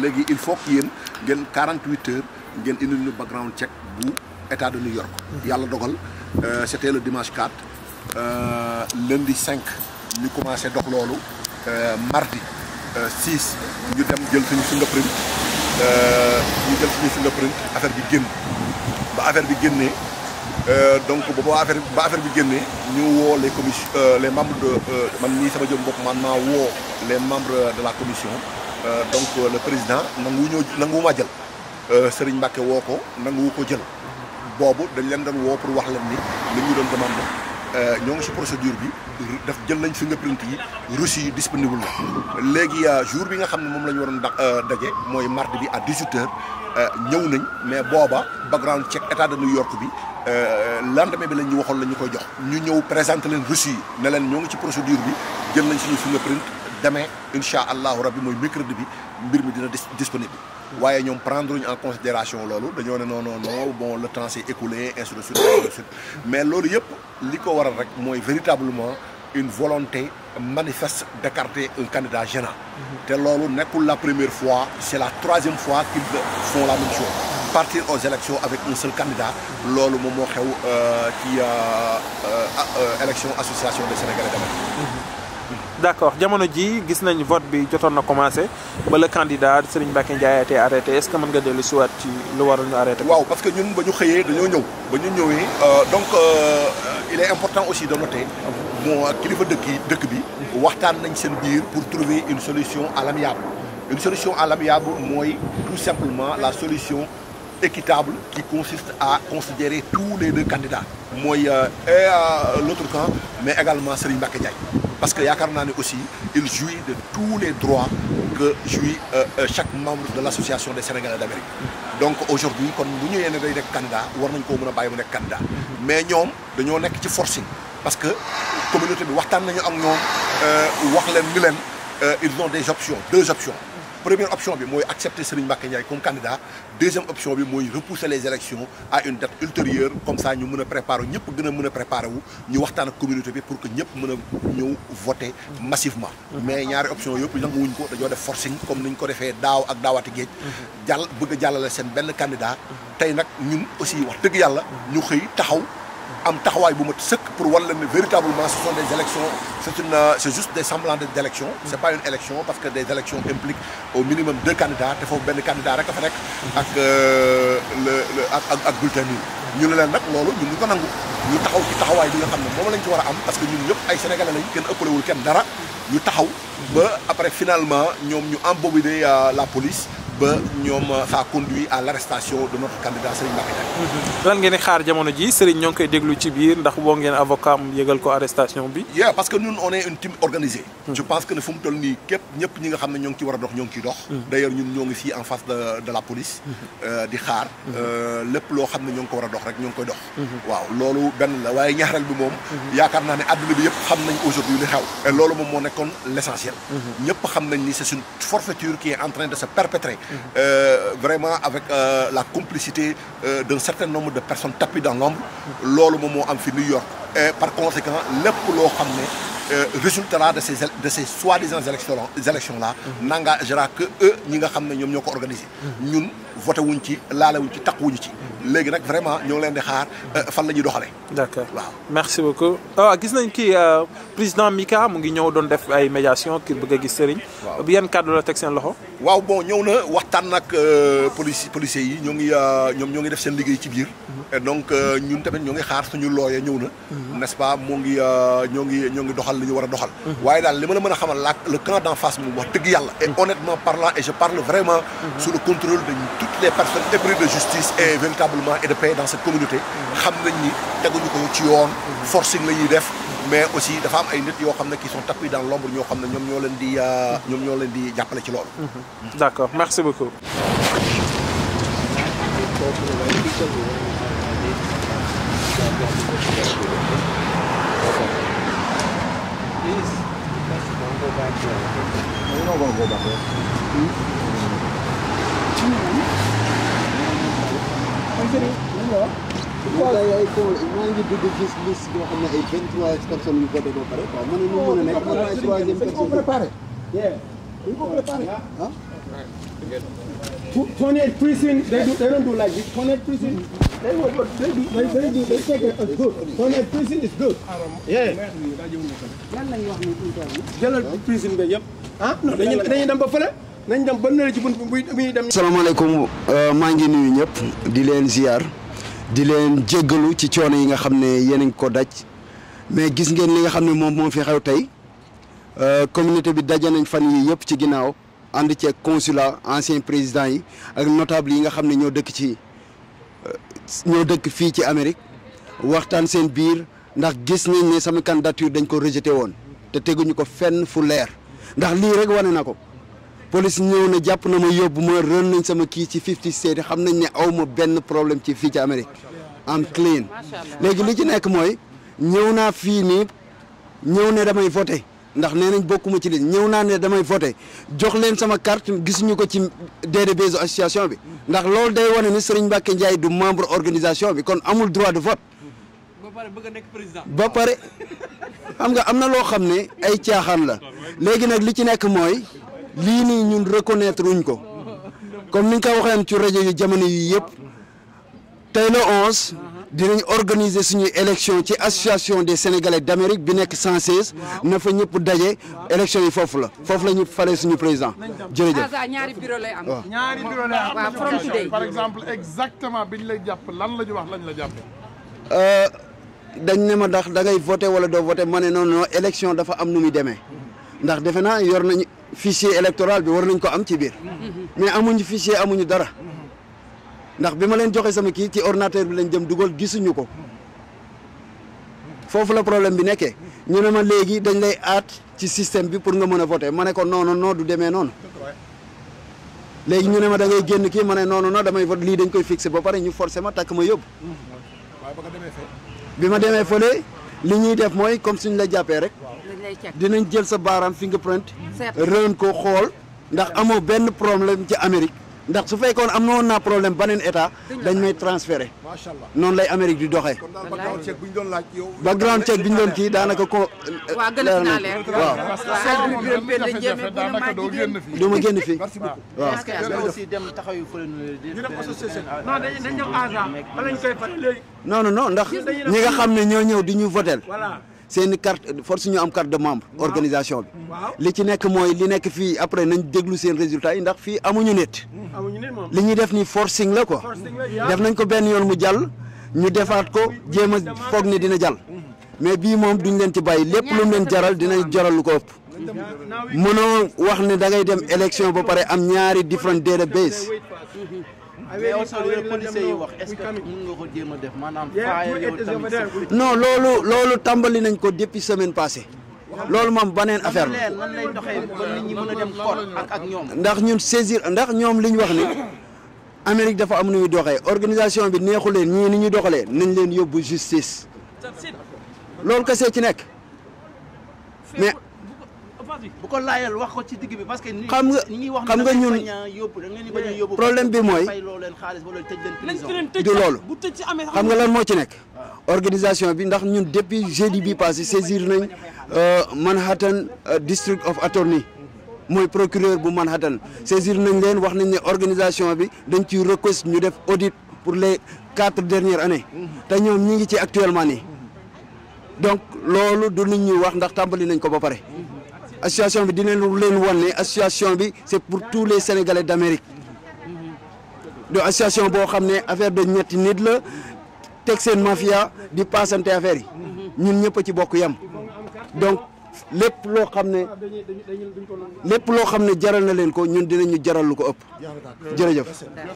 léegi il faut que yéen ngeen 48 heures ngeen indil ñu background check bu état de New York. Mhm. yàlla dogal euh, c'était le dimanche 4 euh, lundi 5 ñu commencé dox loolu euh, mardi 6 ñu dem jël suñu fingerprint ñu jël suñu fingerprint affaire bi génn ba affaire bi génnee. Euh, donc ba ba affaire ba affaire bi génnee ñu woo les commission euh, les membre de euh, man nii sama jëm bopp man maa woo les membres de la commission donc le président nangu ñoo nangu ma jël Serigne Mbacke woo ko nangu ko jël boobu dañ leen doon woo pour wax leen ni li ñu doon demande Euh, ñoo ngi si procédure bi daf jël nañ fingerprint yi reçu yi disponible na léegi euh, jour bi nga xam ne moom la ñu waroon da euh, daje mooy mardi bi à 18 ñëw nañ mais booba background check état de New York bi lendemain bi lañ ñu waxoon la ñu koy jox ñu ñëw présenté leen reçu yi ne leen ñoo ngi ci procédure bi jël nañ suñu fingerprint demee incha allahu rabbi mooy mercredi bi mbir mi dina disponible waaye ñoom prendre ñu en considération loolu dañoo ne non non non bon le temps s'est écoulé ainsi de mais loolu yëpp li ko waral rek mooy véritablement une volonté manifeste d'écarter un candidat gênant. Mhm. te loolu nekkul la première fois c'est la troisième fois qu'ils font la même chose. partir aux élections avec un seul candidat. loolu moom moo xew euh, ci euh, euh, élection association des Sénégalais d'Amérique. Mhm. d'accord jamono ji gis nañ vote bi jotoon na commencé ba le candidat Serigne Mbacké Ndiaye a été arrêté est-ce que mën nga dellu siwaat ci lu waral ñu arrêté waaw parce que ñun ba ñu xëyee dañoo ñëw ba ñu ñëwee euh, donc euh, il est important aussi de noter bon kilifa dëkk yi dëkk bi waxtaan nañ seen biir pour trouver une solution à une solution à mooy tout simplement la solution équitable qui consiste à considérer tous les deux candidats mooy euh, et euh, mais également Serigne Mbacké Ndiaye parce que yaakaar naa ne aussi il jouit de tous les droits que jouit euh, euh, chaque membre de l' association des Sénégalais d' Amérique donc aujourd'hui kon bu ñu yéene day nekk candidat war nañ koo mën a bàyyi mu nekk candidat mais ñoom dañoo nekk ci forcing parce que communauté bi waxtaan nañu am ñoom euh, wax leen ni leen ils ont des options deux options première option bi mooy accepter Serigne Mbacké Ndiaye comme candidat deuxième option bi mooy repousser les élections à une date ultérieure comme ça ñu mën a préparer ñëpp wu ñu waxtaan ak communauté bi pour que ñëpp mën a ñëw voter massivement mais ñaari option yëpp nanguwuñ ko dañoo def forcing comme niñ ko defee daaw ak daawaati géej jàll bëgg a jàllale seen benn candidat tey nag ñun aussi wax dëgg yàlla ñu xëy taxaw am taxawaay bu mat sëkk pour wan leen ne véritablement ce sont des élections c' est une euh, c' est juste des semblants d' élections mm. c' est pas une élection parce que des élections impliquent au minimum deux candidats te foofu benn candidat rek a fa nekk ak euh, le ak yi ñu ne leen rek loolu ñu ñu ko nangu ñu taxaw ci taxawaay bi nga xam ne moom lañ ci war a am parce que ñu ñëpp ay sénégalais lañ kenn ëppalewul kenn ñu taxaw ba après finalement ñoom ñu embobiner euh, la police ba ñoom euh, ça conduit à l'arrestation de notre candidat Serigne Mbacké Ndiaye. Mm-hmm. lan ngeen di xaar jamono ji Serigne ñoo ngi koy déglu ci biir ndax woo ngeen avocat am yëgal ko arrestation bi. oui parce que ñun on est une team mm-hmm. je pense que ne fu mu toll nii képp ñëpp ñi nga xam ne ñoo ngi a dox ñoo ngi ciy dox. Mm-hmm. d'ailleurs ñun ñoo euh, euh, loo xam ne ñoo ngi ko war a dox rek ñoo ngi koy dox. waaw loolu benn la waaye ñaareel bi moom. yaakaar naa ne àdduna bi yëpp xam nañ aujourd'hui li xew. loolu moom moo nekkoon l'essentiel. ñëpp xam nañ ni c'est une forfaiture qui Euh, vraiment avec euh, la complicité euh, dans certain nombre de personnes tapies dans l'ombre loolu moom moo am fi New York et par conséquent lépp loo xam ne résultat là de ces de ces soi-disant élections élections là mhm. n'engagera que eux ñi nga xam ne ñoom ñoo ko organiser mhm. ñun voté wuñ ci laale wuñ ci taq wuñu ci mhm. léegi nag vraiment ñoo ngi leen di xaar fan la ñuy doxalee. d' accord merci beaucoup. waaw ah, gis nañ kii président Mika mu ngi ñëw doon def ay médiation ki bëgg a gis Serigne. waaw yan kàddu la teg seen loxo. waaw bon ñëw na waxtaan nag euh, police policier yi ñoo ngi euh, ñoom ñoo ngi def seen liggéey ci biir. et mhm. donc euh, ñun tamit ñoo ngi xaar suñu looyee ñëw na. Mhm. n'est-ce pas moo ngi ñoo ngi ñoo ngi doxal li ñu war a doxal. Mhm. waaye daal li ma la mën a xamal la le camp d'en face moom wax dëgg yàlla. et honnêtement parlant et je parle vraiment. sous le contrôle de toutes les personnes épris de justice et véritablement et de paix dans cette communauté. xam nañ ni teguñu ko ci yoon. forcing la ñuy def. mais aussi dafa am ay nit yoo xam ne qui sont dan dans l'ombre ñoo xam ne ñoom ñoo leen di euh, ñoom ñoo leen di jàppale ci loolu. Mhm. d'accord merci beaucoup. xool maa yu voté ba a nekk oh, dañ ko préparé. dañ ko préparé ah. Tonet prison they do they don't do like this Tonet prison they will they do they they dañuy dem ba fële nañ dem ba nële ci bunt dem. salaamaaleykum euh, maa ngi nuyu ñëpp di leen ziar. di leen jéggalu ci coono yi nga xam ne yéen a ngi ko daj mais gis ngeen li nga xam ne moom moo fi xew tey euh, communauté bi daje nañ fan yi yëpp ci ginnaaw ànd ceeg consulat ancien président yi ak notable yi nga xam ne ñoo dëkk ci euh, ñoo dëkk fii ci Amérique waxtaan seen biir ndax gis nañ ne sama candidature dañ ko rejeté woon te teguñu ko fenn fu leer ndax lii rek wane na ko police ñëw na jàpp na ma yóbbu ma ren nañ sama kii ci fifty state xam nañ ne aw ma benn problème ci fii ci Amérique am clean léegi li ci nekk mooy ñëw naa fii nii ñëw ne damay voté ndax ne nañ bokkuma ci leen ñëw naa ne damay voté jox leen sama carte gisuñu ko ci DDB association bi ndax loolu day wane ni Serigne Mbacke Ndiaye du membre organisation bi kon amul droit de vote ba pare bëgg nekk président ba pare xam nga am na loo xam ne ay caaxaan la léegi nag li ci nekk mooy lii nii ñun reconnaître wuñ ko comme ni nga ko waxee ci rajo yu jamono yii yëpp tey le 11 dinañ organiser suñuy élection ci association des sénégalais d' bi nekk 116 na fa ñëpp daje élection yi foofu la foofu la ñu fale suñu président jërëjëf. Ah, ñaari bureau lay am. ñaari bureau lay am. From Today par exemple exactement biñ lay jàpp lan la ñu wax lañ la jàpp. Euh, dañ ne ma ndax da ngay voté wala doo voté ma ne non non dafa am nu muy demee. ndax defe naa yor nañu fichier électoral bi war nañ ko am ci biir mais amuñu fichier amuñu dara ndax bi ma leen joxe sama kii ci ordinateur bi lañ jëm dugal gisuñu ko foofu la problème bi nekkee ñu ne ma léegi dañ lay aat ci système bi pour nga mën a voter ma ne ko non non du demee noonu léegi ñu ne ma dangay génn kii ma ne non noo damay vote lii dañ koy fixé ba pare ñu forcé ma takk ma yóbbu bi ma demee fële li ñuy def mooy comme suñ la jàppee rek dinañ jël sa baaraam fingerprint rëen ko xool ndax amoo benn problème ci Amérique ndax su fekkoon am na noon na problème beneen état dañ may transféré noonu lay Amérique di doxee background check bi ñu doon kii daanaka ko waaw du ma génn fii waaw non non non ndax ñi nga xam ne ñoo ñëw di ñu votel seeni carte force ñu am carte de membre organisation bi li ci nekk mooy li nekk fii après nañ déglu seen résultat yi ndax fii amuñu nit hmm, li ñuy def ni forcing la ko def nañ ko benn yoon mu jàll ñu defaat ko jéem a foog ni dina jàll hmm. mais bii moom duñ leen ci bàyyi lépp lu mu leen jaral dinañ jaral lu ko ëpp mënoo wax ne da ngay dem élection ba pare am ñaari different database mais aussi li la policiers yi wax est-ce que mën nga a def maanaam non loolu loolu tàmbali nañ ko depuis semaine passée. loolu maam beneen affaire la lan lay doxee ba nit ñi mën ak ak ndax ñun saisir ndax ñoom li ñu wax ni Amérique dafa am nu muy doxee organisation bi neexu leen ñii ni ñu doxalee nañ leen yóbbu justice loolu kese ci nekk mais. bu ko laajal wax ko ci digg bi parce que. xam nga xam nga ñun eh, problème bi mooy. du loolu. xam nga lan moo ci nekk. organisation bi ndax ñun depuis jeudi bi passé saisir nañ euh, Manhattan euh, district of attorney mooy procureur bu Manhattan saisir nañ leen wax nañ ne organisation bi dañ ciy request ñu def audit pour les quatre dernières années te ñoom ñi ngi ci actuellement nii donc loolu du nit ñuy wax ndax tàmbali nañ ko ba pare association bi dina dinañ leen wan ne association bi c'est pour tous les sénégalais d'Amérique do association boo xam ne affaire de ñetti nit la teg seen mafia di paasante affaire yi ñun ñëpp a ci bokk yam donc lépp loo xam ne lépp loo xam ne jaral na leen ko ñun ñu jaral lu ko ëpp jërëjëf